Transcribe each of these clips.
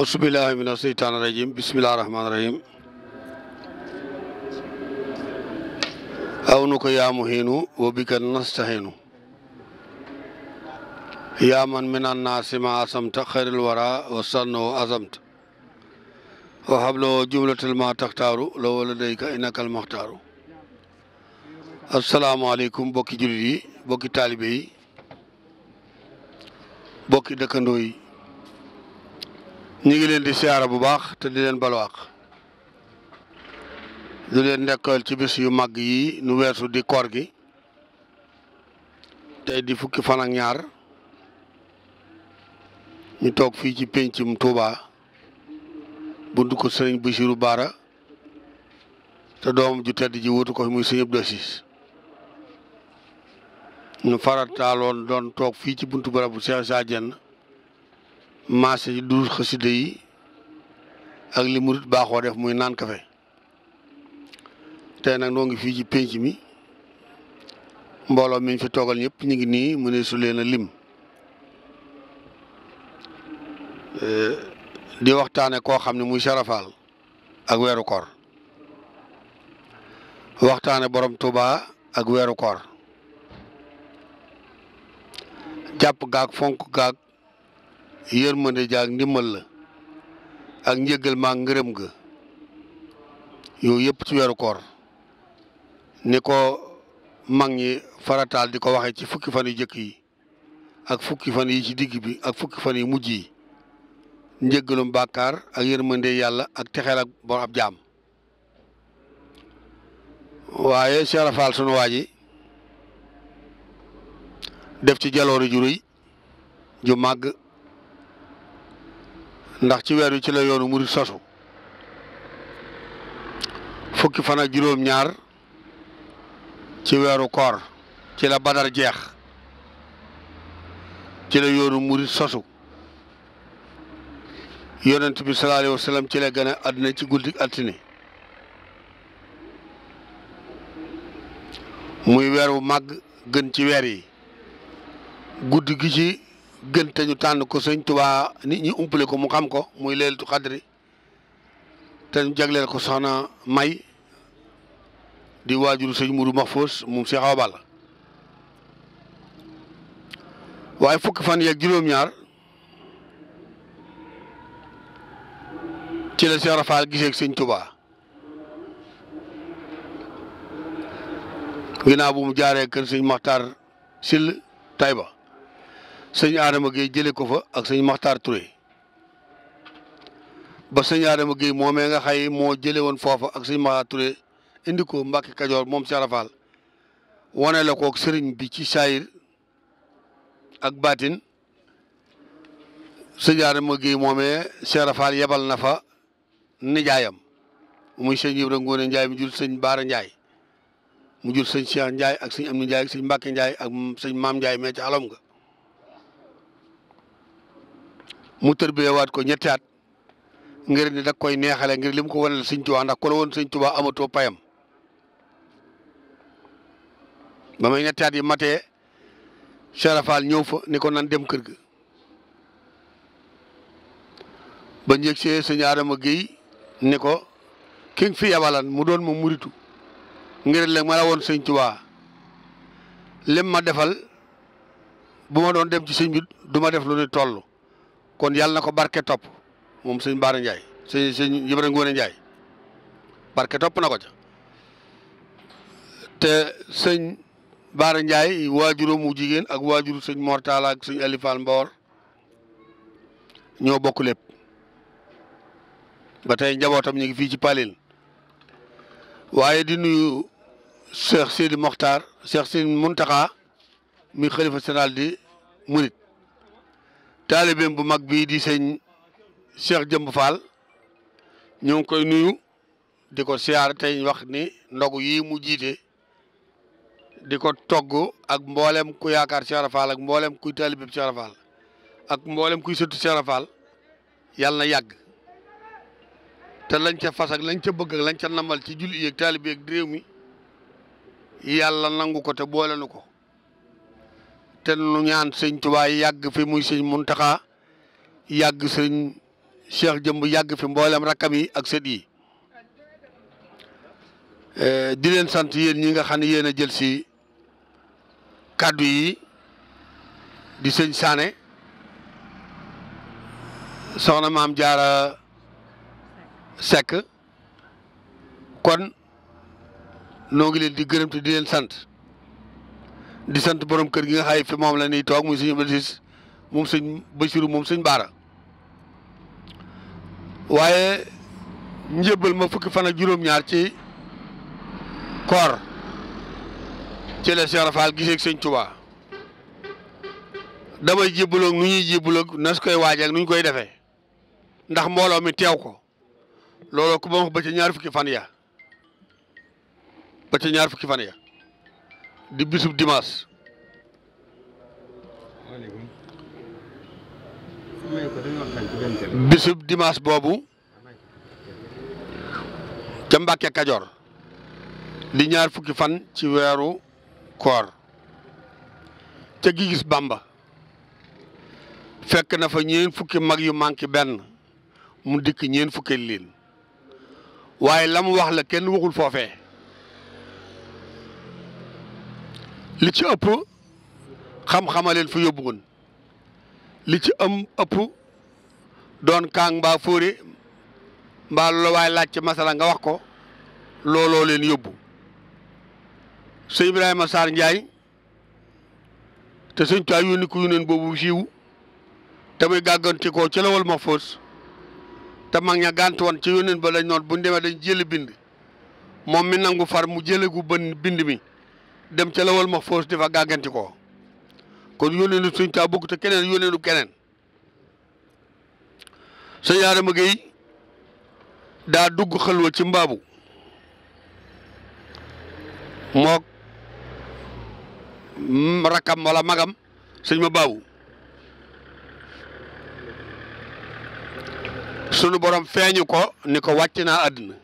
ausubillahi mina seytaan rajim bisimillahi rahmaani rahim aw nu ko yaa muhiinu wa bika nastahiinu yaa man min annaasi ma asamta xayril wara wa sanno azamta wa habloo jumlatal ma taxtaaru la wala dayka innakal maxtaaru asalaamaaleykum bokki jullit yi bokki taalibe yi bokki dëkkandoo yi ñu ngi leen di siyaara bu baax te di leen balwaaq di leen ndekkal ci bis yu mag yi nu weesu di koor gi tey di fukki fan ñaar ñu toog fii ci péncum Touba buntu ko sëriñ Bassirou Bara te doom ju tedd ji wutu ko muy sëñ Abdou Aziz ñu farataaloon doon toog fii ci bunt buntu barabu Cheikh Sa Diène maase yi du xasida yi ak li murit baaxoo def muy naan kafe tey nag noo ngi fii ci pénc mi mbooloo mi fi toogal ñëpp ñu ngi nii mu ne suleena leen a lim di waxtaane koo xam ne muy sarafaal ak weeru koor waxtaane borom Tuuba ak weeru koor jàpp gaag fonk gaag yërmande ja ak ndimbal la ak njëggal maa ngërëm ga yooyu yëpp ci weeru koor ni ko mag ñi farataal di ko waxe ci fukki fan yu jëkk yi ak fukki fan yi ci digg bi ak fukki fan yu mujj yi njëggalum bàkkaar ak yërmande yàlla ak texeel ak bor ab jaam waaye Cheikh sunu waa ji def ci jaloore ju réy ju màgg ndax ci weer wi ci la yoonu murit sosu fukki fan juróom-ñaar ci weeru koor ci la badar jeex ci la yoonu murit sosu yonent bi sallallahu alayhi wa ci la gën a àddina ci guddi altine muy weer wu màgg gën ci weer yi guddi ci gën te ñu tànn ko sëñ Tuubaa nit ñi umpale ko mu xam ko muy leeltu xadri te ñu jagleel ko soxna May di waajuru sëñ Mourou Mahfous moom Cheikh Awa Balla waaye fukki fan yeeg juróom-ñaar ci la Cheikh Rafaal gisee ak sëñ Tuubaa ginnaaw bu mu jaaree kër sëñ Maxtaar Sill Tayba sëñ Adama Gueye jëlee ko fa ak sëñ Makhtar Touré ba sëñ Adama Gueye moomee nga xay moo jëlee woon foofa ak sëñ Makhtar Touré indi ko Mbacke Kajoor moom Cheikh Ibra Fall wane la koog sëriñ bi ci saayir ak batin sëñ Adama Gueye moomee Cheikh Ibra yebal na fa nijaayam muy sëñ Ibra Ngoone Njaay mu jur sëñ Baara Njaay mu jur sëñ Cheikh Njaay ak sëñ Amdi Njaay ak Njaay ak sëñ Maam Njaay mee ci alom nga mu waat ko ñetti at ngir ni da koy neexale ngir lim ko wanal sëñ Tuubaa ndax ku la woon sëñ amatoo payam ba may ñetti yi matee Serafal ñëw fa ni ko nan dem kër ga ba njëg see sëñ Adama Guèye ni ko ki fi yabalan mu doon mu muritu ngir léegi ma la woon sëñ ma defal bu ma doon dem ci sëñ bi du ma def lu ni toll kon yàlla na ko barke topp moom sëñ Baara Ndiaye sëñ sëñ Ibra Ngoone Ndiaye barke topp na ko ca te sëñ Baara Ndiaye waajuram mu jigéen ak waajuru sëñ Mortala ak sëñ Alifal Mbawar ñoo bokk lépp ba tey njabootam ñu ngi fii ci Palil waaye di nuyu Cheikh Sidi Mokhtar Cheikh Sidi Mountakha mi xalifa général di murit taalibeem bu mag bii di sëñ Cheikh Jëmb Fall ñu ngi koy nuyu di ko siyaar tey wax ni ndogu yi mu jiite di ko togg ak mboolem ku yaakaar Cheikh Ibra ak mboolem kuy taalibeem Cheikh Ibra ak mboolem kuy sëtu Cheikh Ibra Fall yàlla yàgg te lañ ca fas lañ ca bëgg lañ ca nambal ci julli yeeg taalibe yeeg réew mi yàlla nangu ko te boole ko te nu ñaan sëñ Tuubaa yàgg fi muy sëñ Muntaxa yàgg sëñ Cheikh Jëmb yàgg fi mboolem rakkam yi ak sët yi eh, di leen sant yéen ñi nga xam ne yéen a jël si kàddu yi di sëñ Sané soxna maam jaara sekk kon noo leen di gërëmt te di leen sant di sant borom kër gi nga xaye fi moom la ni toog mu sëñ Abdou Aziz moom sëñ Bachirou moom sëñ Baara waaye njëbbal ma fukki fan ak juróom-ñaar ci koor ci la Cheikh Rafal gisee ak sëñ Touba damay jébbaloog nu ñuy jébbaloog na koy waajee ak nu ñu koy defee ndax mbooloo mi teew ko looloo ku ba wax ba ca ñaar fukki fan ya ba ca ñaar fukki fan ya di bisub dimanche. bisub boobu ca mbake Kajoor di ñaar fukki fan ci weeru koor ca gi gis fekk na fa ñeen fukki mag yu manqué benn mu dikk ñeen fukki liin waaye la wax la kenn waxul foofe li ci ëpp xam-xama leen fi li ci am ëpp doon kaang mbaa fóore mbaa lu waay laaj ci masala nga wax ko looloo leen yóbbu sëñ Ibrahima Sarr Ndiaye te sëñ Tuubaa yónni ko boobu siiw te muy gàgganti ko ci lawal ma foos te mag ña gànt woon ci yónneen ba lañ noon buñ demee dañ jël bind moom mi nangu far mu jële gu bën bind mi dem ca lawal mahfuus di fa gàgganti ko kon yónnee nu suñ taa bukk te keneen yónnee nu keneen sëñ Adama Gueye daa dugg xalwa ci mbaabu mook rakkam wala magam sëñ ma baabu sunu borom feeñu ko ni ko wàcc naa àddina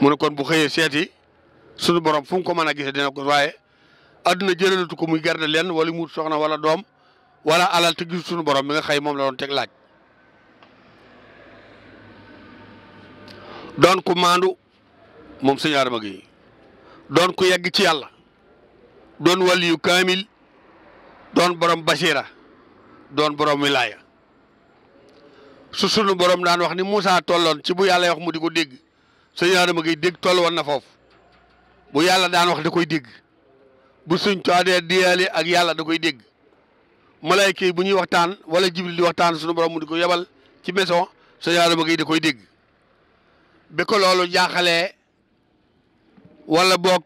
mu ne kon bu xëyee seeti sunu borom fu mu ko mën a gisee dina ko waaye adduna jëralatu ko muy garde lenn wala mu soxna wala doom wala alal te sunu borom mi nga xëy moom la doon teg laaj. doon ku maandu moom sëñ Adama Gueye doon ku yegg ci yàlla doon waliyu kaamil doon borom basira doon borom wilaaya su sunu borom daan wax ni Moussa tolloon ci bu yàlla wax mu di ko dégg. sëñ ma Gueye dégg toll woon na foofu bu yàlla daan wax da koy dégg bu sëñ Tuubaa dee diyaale ak yàlla da koy dégg malayka yi bu ñuy waxtaan wala jibril di waxtaan suñu borom mu di ko yebal ci maison sëñ ma Gueye da koy dégg bi ko loolu jaaxalee walla boog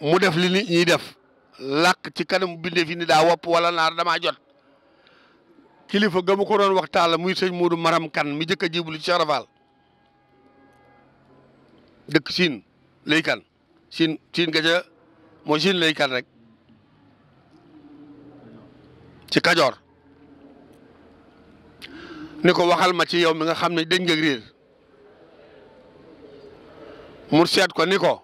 mu def li nit ñuy def lakk ci kanam bindee fi ni daa wopp wala naar damaa jot kilifa ga mu ko doon waxtaan la muy sëñ Modou Maram Kan mi jëkk a jébbalu ci Cheikh dëkk siin laykan siin siin moo ca mooy siin laykan rek ci kajoor ni ko waxal ma ci yow mi nga xam ne dañ nga riir mu seet ko ni ko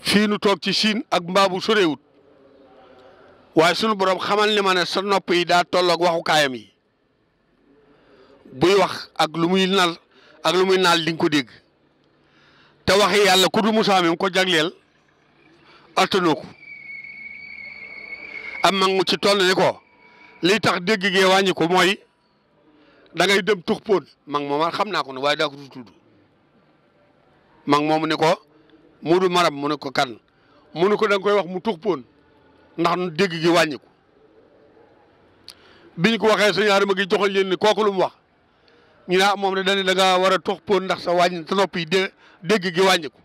fii nu toog ci siin ak mbaabu sorewut waaye sunu borom xamal ni ma ne sa nopp yi daa tolloog waxu kaayam yi buy wax ak lu muy nal ak lu muy naal di nga ko dégg te yi yàlla ku du Moussa mi ko jagleel attanoo ko am mag mu ci toll ni ko lii tax dégg gee wàññi ko mooy da ngay dem tux póon mag mooma xam naa ko ne waaye daa ko tudd mag moomu ne ko mu maram mu ne ko kan mu ne ko da koy wax mu tux póon ndax dégg gi wàññi ku biñ ko waxee sa ñaari ma gi joxal leen ni kooku lu mu wax ñu ne ah moom ne dañ da nga war a tux póon ndax sa wàññi sa nopp yi dégg gi wàññiku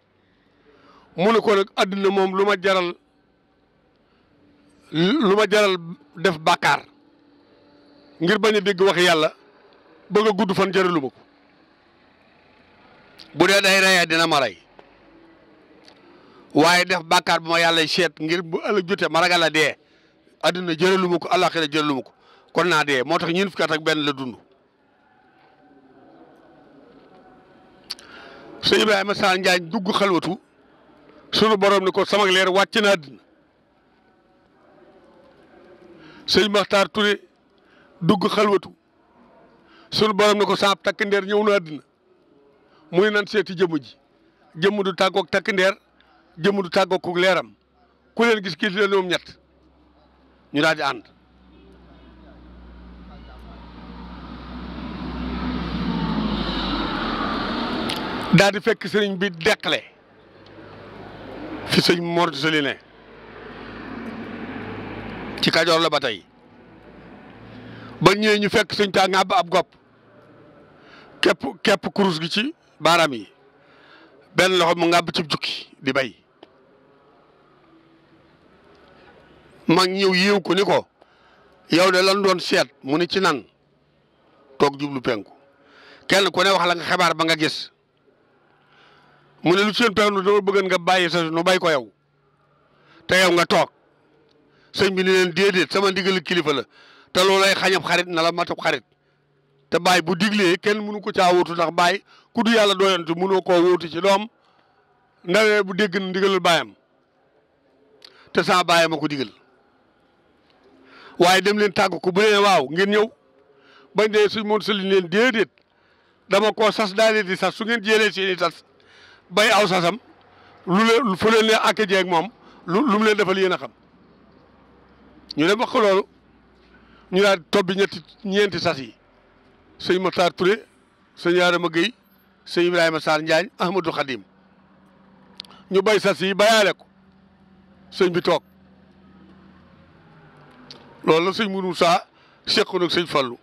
mu ne ko nag àdduna moom lu ma jaral lu ma jaral def bàkkaar ngir bañ a dégg wax yàlla bëgg a gudd fan jaralu ma ko bu dee day reyee dina ma rey waaye def bàkkaar bu ma yàlla seet ngir bu la jotee ma ragal dee addina jaralu ma ko àllaaxira jaralu ma ko kon naa dee moo tax ñun fukki at ak benn la dundu sëñ Ibrahima Sall Njaañ dugg xalwatu sunu borom ni ko sama leer wàcc na àddina sëñ Maxtaar Touré dugg xalwatu sunu borom ni ko saab takk ndeer ñëw na àddina muy nan seeti jëmm ji jëmm du tàggoog takk ndeer jëmm du ku leeram ku leen gis gis leen ñoom ñett ñu daal di ànd daal di fekk sëriñ bi deqale fi sëñ Mor Sali ci Kajoor la ba tey ba ñëwee ñu fekk sëñ taa ngàbb ab gopp képp kurus gi ci baaraam yi benn loxo mu ngàbb ci jukki di bay mag ñëw yéew ko ni ko yow de lan doon seet mu ni ci nan toog jublu penku kenn ku ne wax la nga xibaar ba nga gis mu ne lu seen pexe nu dama bëggoon nga bàyyi sa nu bay ko yow te yow nga toog sëñ bi ni leen déedéet sama ndigalu kilifa la te loolay xañab xarit na la matab xarit te baay bu diglee kenn mënu ko caa wóotu ndax baay ku du yàlla doyantu mënoo ko wóotu ci doom ndawee bu dégg ndigalul baayam te saa baayam a ko digal waaye dem leen tàggu ko bu leen waaw ngeen ñëw bañ dee suñ moon sëliñ leen déedéet dama koo sas daal di sas su ngeen jëlee seeni sas bay aw sasam lu leen fu leen leen ak jeeg moom lu lu mu leen defal yéen a xam ñu dem wax ko loolu ñu daal tobbi ñetti ñeenti sas yi sëñ Matar Touré sëñ Yaarama Guèye sëñ Ibrahima Sarr Njaañ Ahmadou Khadim ñu bay sas yi bayaale ko sëñ bi toog loolu la sëñ Mourou Moussa seqoon ak sëñ Fallou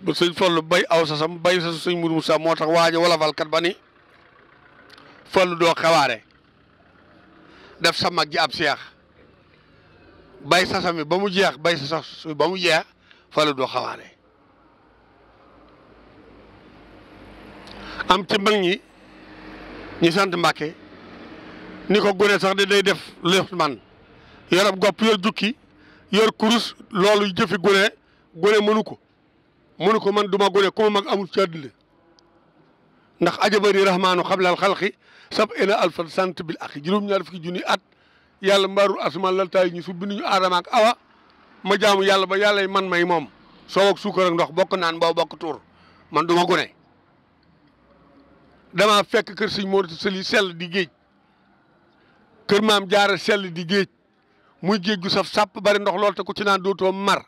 ba sëñ Fallou bay aw sasam bay sasu sëñ Mourou Moussa moo tax waañu walafal kat ba fallu doo xawaare def sa mag ji seex bay sa sami ba mu jeex bay sa sax ba mu jeex fallu doo xawaare am ci mag ñi ñu sant Mbàkke ni ko gone sax di def lépp man yorab gopp yor jukki yor kurus loolu jëfi gone gone mënu ko mënu ko man duma gone ku ma mag amul ci ndax ajabari rahmaanu xablal xalqi sab ena alfan sant bil ak juróom-ñaar fukki junni at yàlla mbaru asmaan lal taay ñu su bindu ñu aadama ak awa ma jaamu yàlla ba yàlla man may moom soow ak suukar ndox bokk naan boo bokk tuur man du ma gune damaa fekk kër sëñ Moodu Sëli sell di géej kër maam jaara sell di géej muy géej gu saf sàpp bari ndox lool te ku ci naan dootoo mar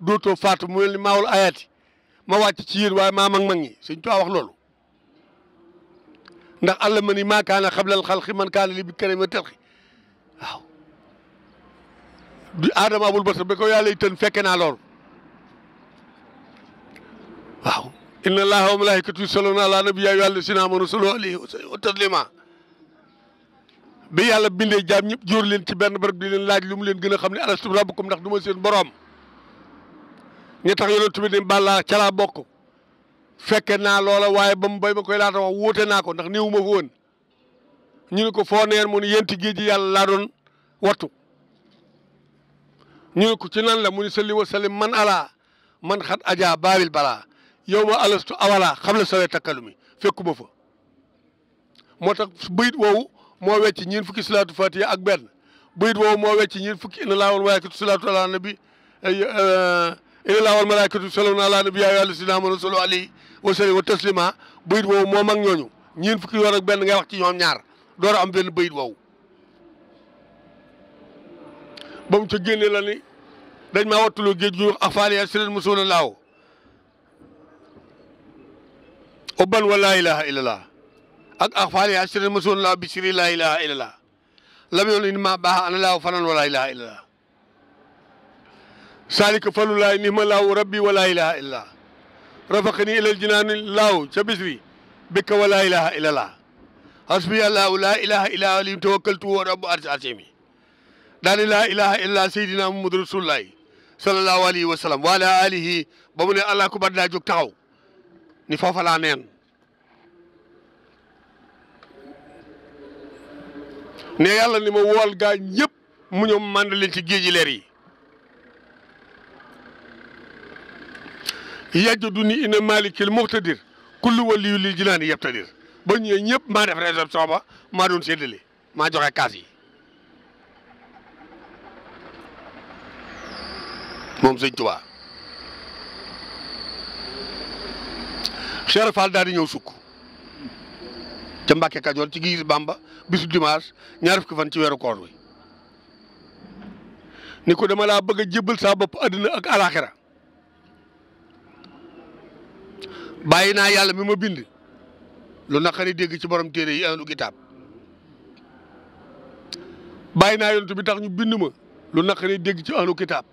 dootoo faatu mu mel ni maawul ayaati ma wàcc ci yéen waaye maa mag mag ñi sëñ Tuubaa wax loolu ndax àll ma ni maa kaana xablal xalqi man kaana li bi karima telxi waaw du aadama basar ba ko yàlla itan fekke naa lool waaw inna allaha wa malaikatu yusalluna ala nabiyyi ya ayyuhallazina amanu sallu alayhi wa sallimu taslima bi yàlla bindee jaam ñëpp jóor leen ci benn barab di leen laaj lu leen gën a xam ne alastu rabbukum ndax du ma seen boroom ñi tax yonent bi ne bokk fekke naa loola waaye ba mu bay ma koy laata wax wuute naa ko ndax néew ma ko woon ñu ne ko foo neen mu ne yéen ci yàlla laa doon wattu ñu ko ci nan la mu ne salli wa sallim man ala man xat ajaa baabil balaa yow ma alastu awala xam la sawee takkalu mi fekkuma fa moo tax bayit woowu moo wecc ñeen fukki salaatu fatiha ak benn bayit woowu moo wecc ñeen fukki ina laa woon waaye ki salaatu ala nabi euh, illallah wal malaikatu salawna ala nabiyyi wa alladhina amanu sallu alayhi wa sallimu wa taslima bayit woowu moom ak ñooñu ñeen fukki yoon ak benn ngay wax ci ñoom ñaar door am benn bayit woowu ba mu ca génne la ni dañ maa wattuloo géej gi wax afaaliya silen musuuna laaw ubban wa laa ilaha illallah ak afaaliya silen musuuna laaw bi siri laa ilaha illallah lam yoon in maa baax saalika falulaay ni ma laaw rabbi wala ilaha illa rafaqani ilal jinaani laaw ca bis bi bikka wala ilaha illa laa hasbi allahu laa ilaha illa alim tawakkaltu wa rabbu arsi asimi daani laa ilaha illa seydina muhammadu rasulullah sallallahu alayhi wa sallam wa ala alihi ba mu ne allah ku bar daa jóg taxaw ni foofa laa neen ne yàlla ni ma wool gaa ñëpp mu ñëw mànd leen ci géeji leer yi yajjadu ni ina malikil muxtadir kullu waliyu lil jinaani yabtadir ba ñëwee ñëpp maa def réception ba maa doon séddale maa joxe kaasi yi moom sëñ Tuubaa Cheikh Fall daal di ñëw sukk ca Mbàkke Kajoor ci gis Bamba bisu dimanche ñaar fukki fan ci weeru koor wi ni ko dama laa bëgg a jébbal saa bopp adina ak alaxira bàyyi naa yàlla mi ma bind lu naqari dégg ci borom téere yi ahlu kitaab bàyyi naa yonent bi tax ñu bind ma lu naqari dégg ci ahlu kitaab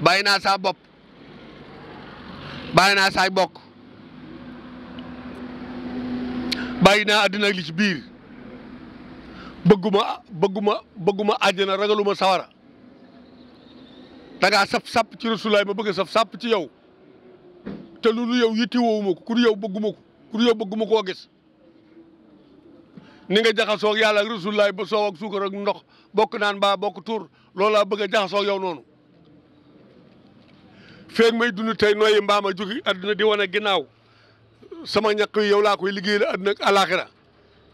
bàyyi naa saa bopp bàyyi naa saay bokk bàyyi naa àddina li ci biir bëgguma bëgguma bëgguma àjjana ragaluma sawara da ngaa sap sàpp ci rasulaay ma bëgg saf sàpp ci yow te loolu yow yittiwoowuma ko ku yow bëgguma ko ku yow bëgguma koo gis ni nga jaxasoo ak yàlla ak rasulullaay ba soow ak suukar ak ndox bokk naan baa bokk tuur loolaa bëgg a jaxasoo yow noonu feeg may dund tey nooyi mbaama jógi adduna di wane ginnaaw sama ñaq yi yow laa koy liggéey la adduna ak alaxira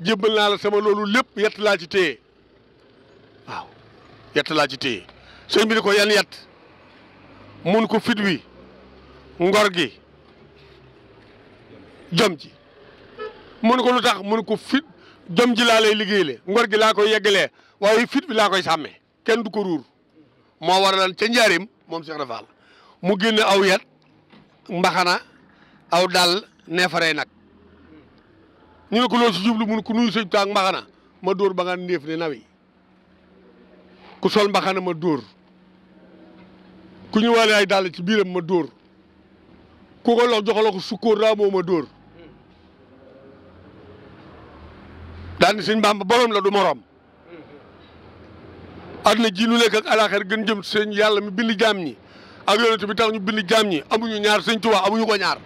jébbal naa la sama loolu lépp yett laa ci téye waaw yett laa ci téye sëñ bi ni ko yan yett mun ko fit wi ngor gi jom ji mun ko lu tax mun ko fit jom ji laa lay liggéeyale ngor gi laa koy yeggalee waaye fit bi laa koy sàmmee kenn du ko ruur moo waraloon ca njaarim moom Cheikh Fall mu génn aw yat mbaxana aw dal neefaree nag ñu ne ko loolu jublu mun ko nuyu sëñ taak mbaxana ma dóor ba nga néef ne nawi ku sol mbaxana ma dóor ku ñu ñëwaale ay dàll ci biiram ma dóor ku ko lox joxaloo ko sukkóor moo ma dóor daan ni sëñ Bàmba borom la du morom lu nekk ak alaaxir gën jëm sëñ yàlla mu bind jaam ñi ak yonent bi tax ñu bind jaam ñi amuñu ñaar sëñ Tuubaa amuñu ko ñaar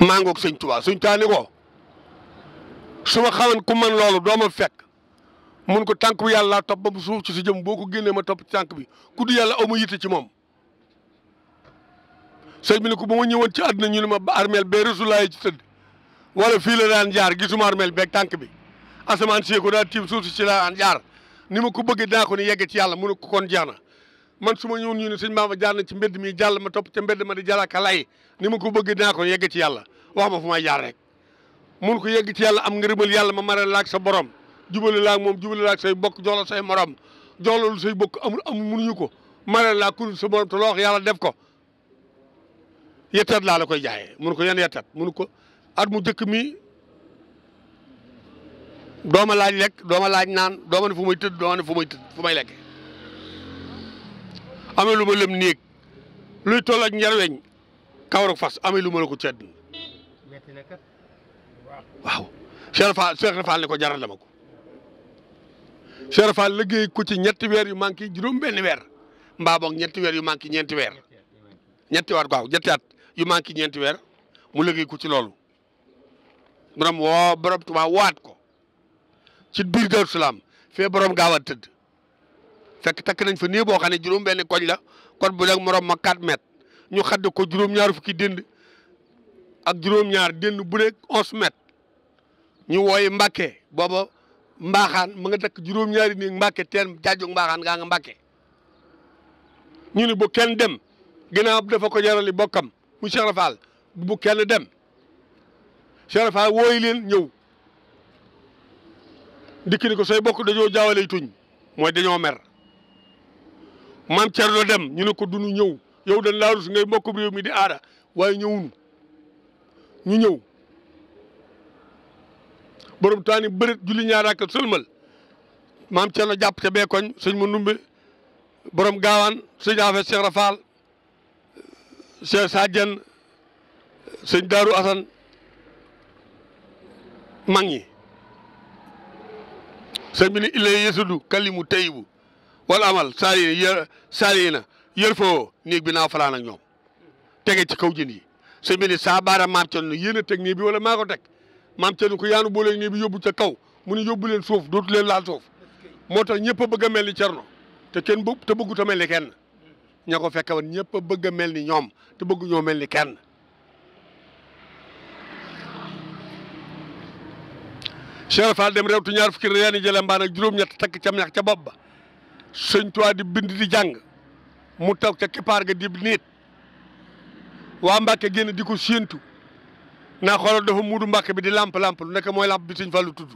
maa ngoog sëñ Tuubaa sëñ Tuubaa ni ko su ma loolu doo ma mun ko tànk bi yàlla laa topp ba mu suuf ci si jëm ma topp ci tànk bi ku yàlla amu yitte moom sëñ bi ne ko ba ma ñëwoon ci àdduna ñu ne ma armeel bee rasulaay ci tëdd wala fii la jaar gisuma armeel beeg tànk bi asamaan si ko daal tiim suuf si ci la daan jaar ni ma ko bëggee daa ko ni yegg ci yàlla mu ko kon jeex na su ma ñëwoon ñu ne sëñ Bamba jaar na ci mbedd mi jàll ma topp ca mbedd ma di jàllaka lay ni ma ko bëggee daa yegg ci yàlla wax ma fu may jaar rek mun ko yegg ci yàlla am ngërëmal yàlla ma mara laak sa borom jubale laak moom jubale laak say bokk jox la say morom jox la lu bokk amul amul mënuñu ko mara laak ku sa borom te loo yàlla def ko yettat laa la koy jaayee mun ko yan yettat mun ko at mu njëkk mi dooma laaj lekk dooma laaj naan dooma ne fu may tëdd dooma ne fu may tëdd fu may lekk amee lu ma lëm néeg luy toll ak njarweñ kawaruk fas amee lu ma la ko cedd waaw Cheikh Fall Cheikh Fall ne ko jaral la ma ko Cheikh Fall liggéey ko ci ñetti weer yu manqué juróom benn weer mbaa boog ñetti weer yu manqué ñeenti weer ñetti waat waaw ñetti at yu manqué ñeenti weer mu liggéey ko ci loolu borom woo borom Tuubaa waat ko ci biir Daaru Salaam fee borom gaaw a tëdd fekk takk nañ fa nii boo xam ne juróom benn koñ la kon morom ma 4 mètres ñu xadd ko juróom-ñaar fukki dënd ak juróom-ñaar dënd bu nekk 11 ñu wooyi Mbàkke booba mbaaxaan ma nga takk juróom-ñaari nii Mbàkke teen jaajug mbaaxaan gaa nga Mbàkke bu kenn dem ginnaaw dafa ko jarali bokkam mu Cheikh Rafal bu kenn dem Cheikh Rafal wooyu leen ñëw dikk ni ko sooy bokk dañoo jaawale tuñ mooy dañoo mer maam Thierno dem ñu ne ko dunu ñëw yow dañ laa rus ngay mbokk réew mi di aada waaye ñëwunu ñu ñëw borom taani bërit julli ñaar ak sëlmal maam Thierno jàpp ca beekoñ sëñ saa jen sëñ Daaru Asan mag ñi sëñ bi ne illay yesudu kalimu tayibu wala amal saali yë saali na yër foo néeg bi naa falaan ak ñoom tege ci kaw jën yi sëñ bi ne saa baara maam Cerno yéen a teg néeg bi wala maako ko teg maam Cerno ko yaanu booleeg néeg bi yóbbu ca kaw mu ne leen suuf dootu leen laal suuf moo tax ñëpp a bëgg a mel ni Cerno te kenn bu te bëggut a mel ni kenn ña ko fekke woon ñëpp a bëgg a mel ni ñoom te bëgg ñoo mel ni kenn Cheikh Fall dem réew tu ñaar fukki reeni jële mbaan ak juróom-ñett takk cam ñax ca bopp ba sëñ Tuubaa di bind di jàng mu toog ca kippaar ga di niit waa Mbàkke génn di ko séentu naa xoolal dafa muudu Mbàkke bi di lamp lamp lu mooy lamp bi sëñ Fallu tudd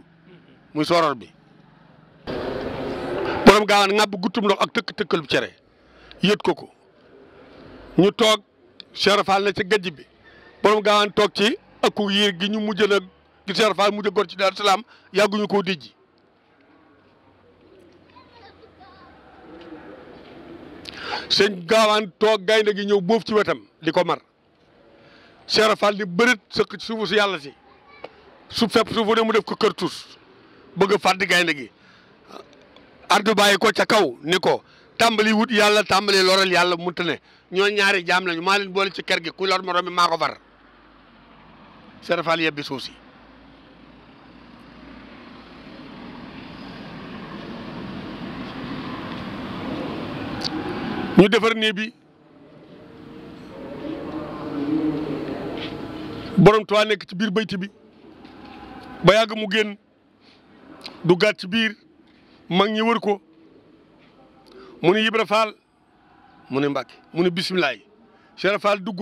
muy soror bi borom gaawaan ŋàbb guttum ndox ak tëkk tëkkal bu cere yët ko ko ñu toog Cheikh Fall na ci gajj bi borom gaawaan toog ci akku yiir gi ñu mujj na gi Cheikh Fall mujj gor ci Daaru Salaam yàgguñu ko dijji sëñ gaawaan toog gaynde gi ñëw boof ci wetam di ko mar Cheikh Fall di bërit suufu si yàlla si su fepp suufu ne mu def ko kër tus bëgg fàdd gaynde gi addu bàyyi ko ca kaw ni ko tàmbali wut yàlla tàmbali loral yàlla mu tëne ñoo ñaari jaam lañu maa leen boole ci kër gi ku lor morom mi maa ko far serafal yebbi suuf si ñu defar néeg bi borom tuwaa nekk ci biir bayti bi ba yàgg mu génn du gàtt ci biir mag ñi wër ko mu ni Ibra Fall mu ni Mbacke mu ni bisimilah Cheikh Fall dugg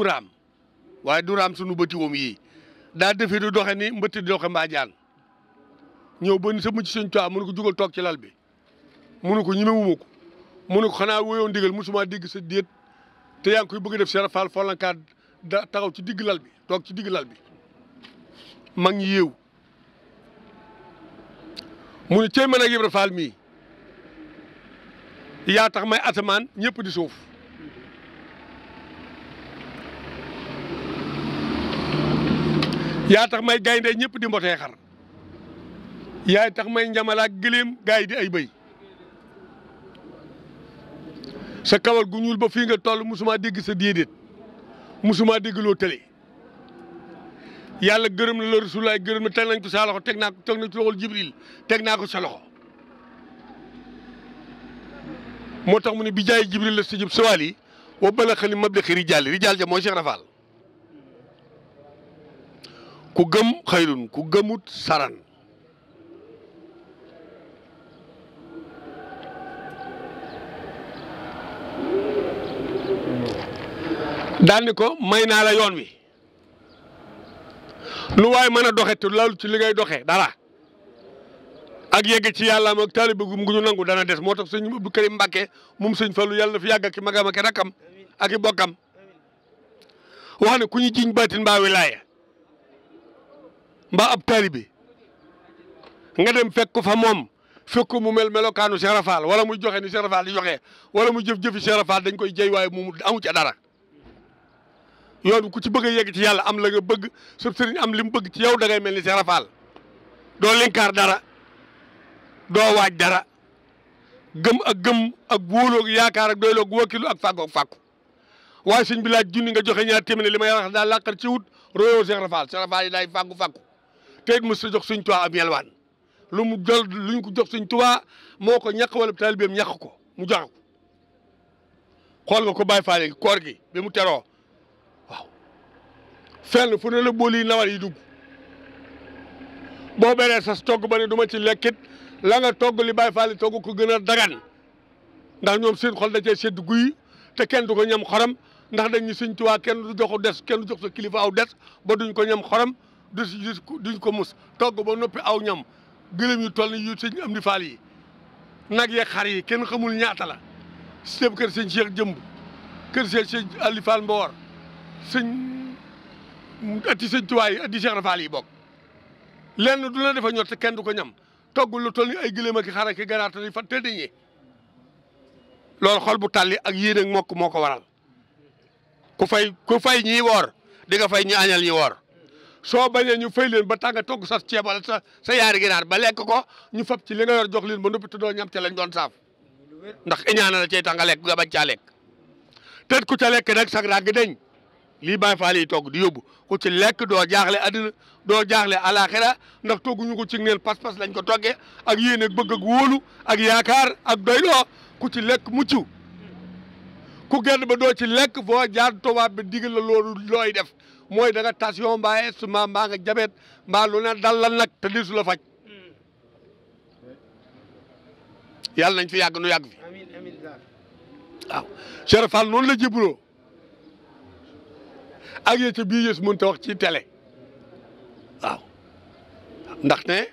waaye du raam sunu bëti woom yii daa defee du doxe ni mbëtt di doxe mbaa jaan ñëw ba ni sa mucc sëñ Tuubaa mu ko jugal toog ci lal bi mu ne ko ñemewuma ko mu ne ko xanaa woyoo ndigal mosuma dégg sa déet te yaa ngi koy bëgg def Cheikh Fall Follankaat da taxaw ci digg lal bi toog ci digg lal bi mag ñi yéew mu ne cey man ak Ibra mii yaa tax may asamaan ñëpp di suuf yaa tax may gaynde ñëpp di mbotee xar yaay tax may njamalaak gëléem gaay di ay bëy sa kawal gu ñuul ba fii nga toll musuma dégg sa déedéet musuma dégg loo tële yàlla gërëm na la rasulaay gërëm na teg nañ ko sa loxo teg naa ko teg nañ ko teg naa ko sa loxo moo tax mu ne bi jaay jibril la sijib siwaal yi wa balaxali mablaxi rijaal yi rijaal ja mooy Cheikh Rafaal ku gëm xayrun ku gëmut saran daal ko may naa la yoon wi lu waaye mën a doxe te loolu ci li ngay doxee dara ak yegg ci yàlla am ak taalibe gu ñu nangu dana des moo tax sëñ Abdou Karim Mbàkke moom sëñ Fallu yàlla fi yàgg ak i magam ak i rakkam ak i bokkam ku ñu jiñ baatin mbaa wilaaya mbaa ab taalibe nga dem fekk ko fa moom fekk mu mel melokaanu Cheikh Rafal wala muy joxe ni Cheikh di joxe wala mu jëf-jëfi Cheikh Rafal dañ koy jey waaye mu amu ca dara yoon ku ci bëgg a yegg ci yàlla am la bëgg sa sëriñ am li mu bëgg ci yow da ngay mel ni Cheikh doo linkaar dara doo waaj dara gëm ak gëm ak wóoloo ak yaakaar ak doyloo ak wóokilu ak fàggu ak fàggu waaye sëñ bi laaj junni nga joxe ñaar téeméer li may wax daal làqar ci wut royo Cheikh Rafal Cheikh Rafal yi daay fàggu fàggu te it mos jox suñ tuwaa ab yelwaan lu mu jël luñ ko jox suñ tuwa moo ko ñàkk wala taalibeem ñàkk ko mu jox ko xool nga ko bàyyi gi koor gi bi mu teroo fen fenn fu ne la booli nawar yi dugg boo beree sas togg ba ne du ma ci lekkit la nga togg li Baay Faal togg ko gën a dagan ndax ñoom seen xol da cee sedd guy te kenn du ko ñam xorom ndax dañ ñu Sëñ Tuubaa kenn du joxu des kenn du jox sa kilifa aw des ba duñ ko ñam xorom du duñ ko mus togg ba noppi aw ñam gëlëm yu toll yu sëñ am di faal yi nag yeeg xar yi kenn xamul ñaata la sëñ kër sëñ Cheikh Jëmb kër Cheikh sëñ Ali Fall Mbawar sëñ atti sëñ Tuubaa yi atti Cheikh Rafaal yi bokk lenn du la defa ñor te kenn du ko ñam toggul lu toll ni ay gëléem ak xar ak ganaar te fa te dañee loolu xol bu tàlli ak yéen ak mokk moo ko waral ku fay ku fay ñiy woor di nga fay ñi añal ñi woor soo bañee ñu fay leen ba tànga togg sa ceeb wala sa sa yaari ginaar ba lekk ko ñu fab ci li nga yor jox leen ba noppi te doo ñam te lañ doon saaf ndax iñaana la cay tànga lekk nga bañ caa lekk te ku ca lekk nag sag ràgg deñ lii baa Faal yi togg di yóbbu ku ci lekk doo jaaxle àddina doo jaaxle alaxira ndax togguñu ko ci neen pas-pas lañ ko toggee ak yéen ak bëgg ak wóolu ak yaakaar ak doyloo ku ci lekk mucc ku genn ba doo ci lekk foo jaar tubaab bi digal la looy def mooy da tas tension mbaa estomac mbaa nga jabet mbaa lu ne dal lan nag te disu la faj yàlla nañ fi yàgg nu yàgg fi waaw Cheikh Fall noonu la jébuloo ak yéen ci biir yées mënut a wax ci télé waaw ndax ne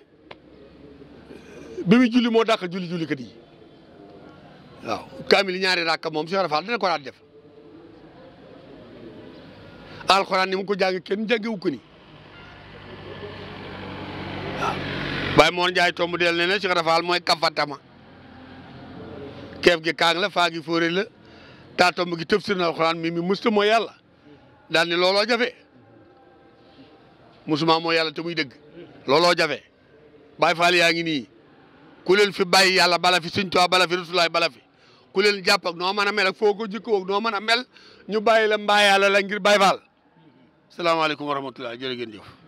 bi muy julli moo dàq julli julli kat yi waaw kaamil ñaari rakka moom Cheikh Rafal dina ko daan def alxuraan ni mu ko jàng kenn jàngewu ko ni waaw Baye Mor Ndiaye tomb del ne ne Cheikh Rafal mooy kafatama keef gi kaang la faa gi fóore la taa tomb gi tëf sir na alxuraan musta mooy yàlla daal ni looloo jafe musuma moo yàlla te muy dëgg looloo jafe Baay Faal yaa ngi nii ku fi bàyyi yàlla bala fi Sëñ bala fi Rasulaay bala fi ku leen jàpp ak noo mën a mel ak foo ko noo mën a mel ñu bàyyi la mbaa la ngir Baay Faal salaamaaleykum wa rahmatulah jërë ngeen jëf